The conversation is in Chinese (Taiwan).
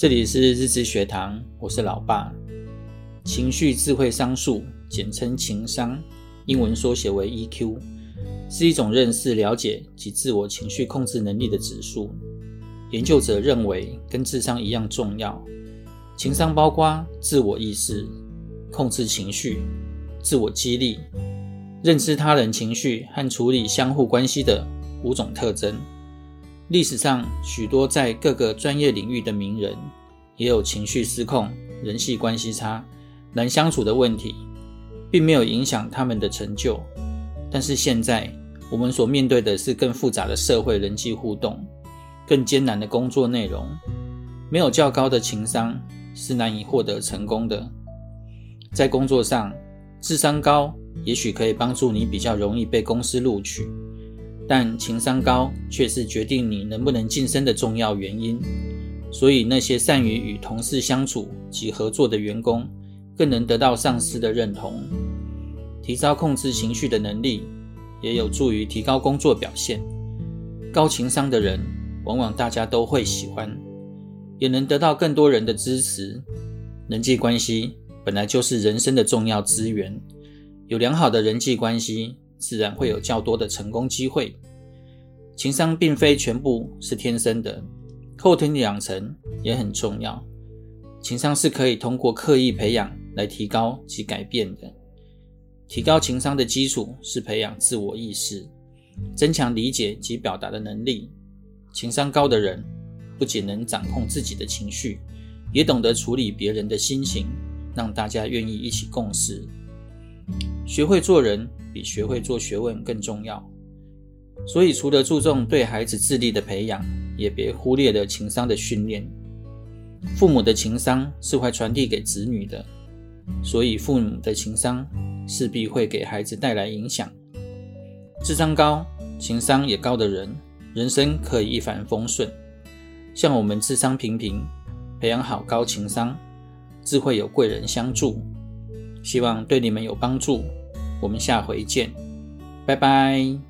這裡是日之學堂，我是老爸。情緒智慧商數，簡稱情商，英文縮寫為 EQ，是一種認識、了解及自我情緒控制能力的指數。研究者認為，跟智商一樣重要。情商包括自我意識、控制情緒、自我激勵、認知他人情緒和處理相互關係的五種特徵。歷史上許多在各個專業領域的名人，也有情緒失控、人際關係差、難相處的問題，並沒有影響他們的成就。但是現在我們所面對的是更複雜的社會人際互動、更艱難的工作內容，沒有較高的情商是難以獲得成功的。在工作上，智商高也許可以幫助你比較容易被公司錄取。但情商高卻是決定你能不能晉升的重要原因，所以那些善於與同事相處及合作的員工，更能得到上司的認同。提高控制情緒的能力，也有助於提高工作表現。高情商的人，往往大家都會喜歡，也能得到更多人的支持。人際關係本來就是人生的重要資源，有良好的人際關係。自然會有較多的成功機會。情商並非全部是天生的，後天養成也很重要。情商是可以通過刻意培養來提高及改變的。提高情商的基礎是培養自我意識，增強理解及表達的能力。情商高的人不僅能掌控自己的情緒，也懂得處理別人的心情，讓大家願意一起共事。學會做人，比學會做學問更重要，所以除了注重對孩子智力的培養，也別忽略了情商的訓練。父母的情商是會傳遞給子女的，所以父母的情商勢必會給孩子帶來影響。智商高、情商也高的人，人生可以一帆風順。像我們智商平平，培養好高情商，自會有貴人相助。希望對你們有幫助。我們下回見，拜拜。